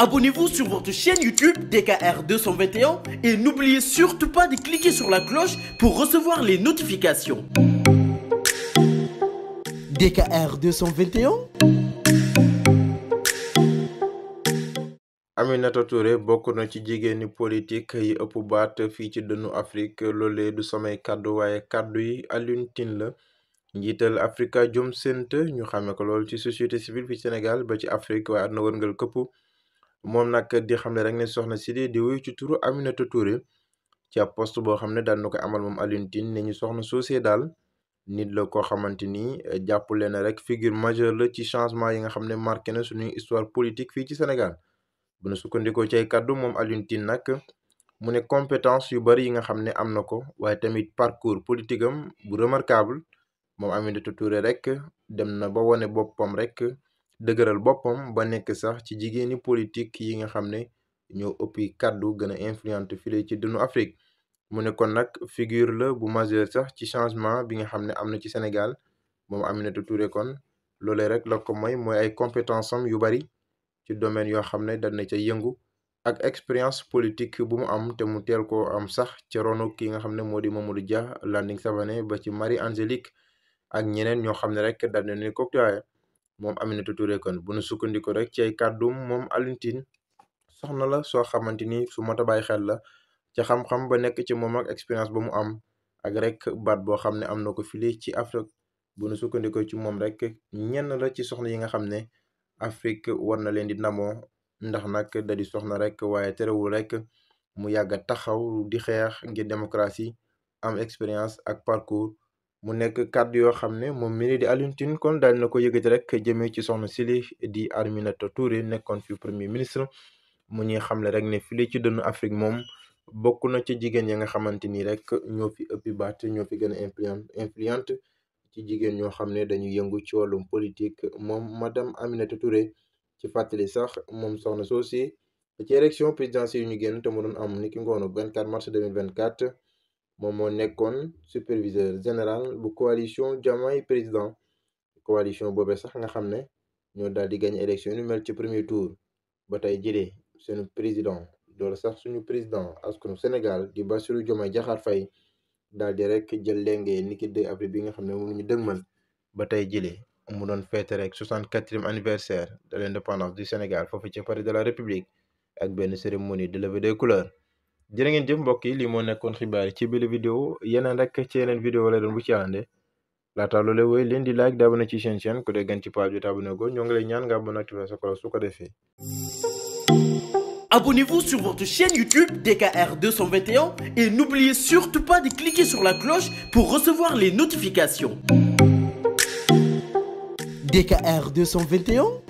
Abonnez-vous sur votre chaîne YouTube DKR et n'oubliez surtout pas de cliquer sur la cloche pour recevoir les notifications. DKR 221. Aminata bokk na ci jigéeni politique yi ëpp baat fii ci dënnu Afrique loolee du samay kàddu waaye kàddu yi Alioune Tine la. njiital Afrikajom Center ñu xamee ko lool ci société civile fii Sénégal ba ci Afrique waaye àdduna wërngal këpp moom nag di xam ne rek ne soxna si di wuyu ci turu Aminata Touré ci ab poste boo xam ne daal na ko amal moom Alioune ne ñu soxna soosee daal nit la koo xamante ni eh, jàpp leen rek figure majeure la ci changement yi nga xam ne marqué na suñuy histoire politique fii ci Sénégal bu nu sukkandikoo ci ay kàddu moom Alioune Tine nag mu ne compétence yu bari yi nga xam ne am na ko waaye tamit parcours politique am bu remarquable moom Aminata Touré rek dem na ba wane boppam rek. dëgëral boppam ba nekk sax ci jigéeni politique yi nga xam ne ñoo ëppi kàddu gën a influente file ci dunu Afrique mu ne kon nag figure la bu majeur sax ci changement bi nga xam ne am na ci Sénégal moom Aminata ture kon loole rek la ko mooy mooy ay compétence am yu bari ci domaine yoo xam ne dana ca yëngu ak expérience politique bu mu am te mu teel ko am sax ca ronu ki nga xam ne moo di Mamadou Dia Landing Savané ba ci Marie Angélique ak ñeneen ñoo xam ne rek dana ni moom Aminata Touré kon bu nu sukkandiku rek ci ay kàddum moom Alioune Tine soxna la soo xamante ni su mot a bàyyi xel la ci xam-xam ba nekk ci moom ak expérience ba mu am ak rek baat boo xam ne am na ko file ci Afrique bu nu sukkandikoo ci moom rek ñenn la ci soxna yi nga xam ne Afrique war na leen di namoo ndax nag da di soxna rek waaye terewul rek mu yàgg taxaw di xeex ngir démocratie am expérience ak parcours. mu nekk kàddu yoo xam ne moom mi di Alioune kon daal na ko yëgati rek jëmee ci soxna si li di Aminata Touré nekkoon fi premier ministre mu ñuy xamle rek ne fii ci dënnu Afrique moom bokk na ci jigéen ya nga xamante ni rek ñoo fi ëppi baat ñoo fi gën a influente ci jigéen ñoo xam ne dañuy yëngu ci wàllum politique moom madame Aminata Touré ci fàttali sax moom soxna soosi ci élection présidentielle yu ñu génn te mu doon am niki ngoonu 24 mars 2024. moom moo nekkoon superviseur général bu coalition Diomaye président coalition boobee sax nga xam ne ñoo daal di gagné élection yu mel ci premier tour ba tey jëlee seen président doole sax suñu président askanu Sénégal di Bassirou Diomaye Diakhar fay daal di rek jël lenge niki 2 avril bi nga xam ne moom ñu dëgmal ba tey jëlee mu doon fête rek 64e anniversaire de l' indépendance du Sénégal foofu ci Palais de la République ak benn cérémonie de levée des couleurs. jërë ngeen jëf mbokk yi lii moo nekkoon xibaar ci biir vidéo yeneen rek ci yeneen vidéo la doon bu ci ànde laataa loolee wooy leen di like di abonné ci chaîne chaîne ku dee gën ci page bi go ñoo ngi lay ñaan nga abonné activé sa cloche ko defee Abonnez-vous sur votre chaîne YouTube DKR et n'oubliez surtout pas de cliquer sur la cloche pour recevoir les notifications. DKR 221